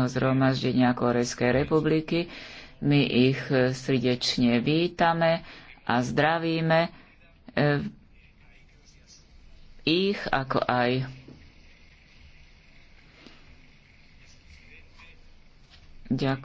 zhromaždenia Korejskej republiky. My ich e, srdečne vítame a zdravíme e, ich ako aj Ďakujem.